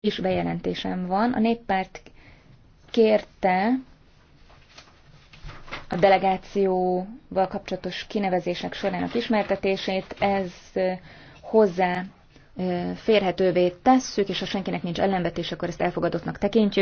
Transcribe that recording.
is bejelentésem van. A néppárt kérte a delegációval kapcsolatos kinevezések sorának ismertetését, ez hozzá férhetővé tesszük, és ha senkinek nincs ellenvetés, akkor ezt elfogadottnak tekintjük.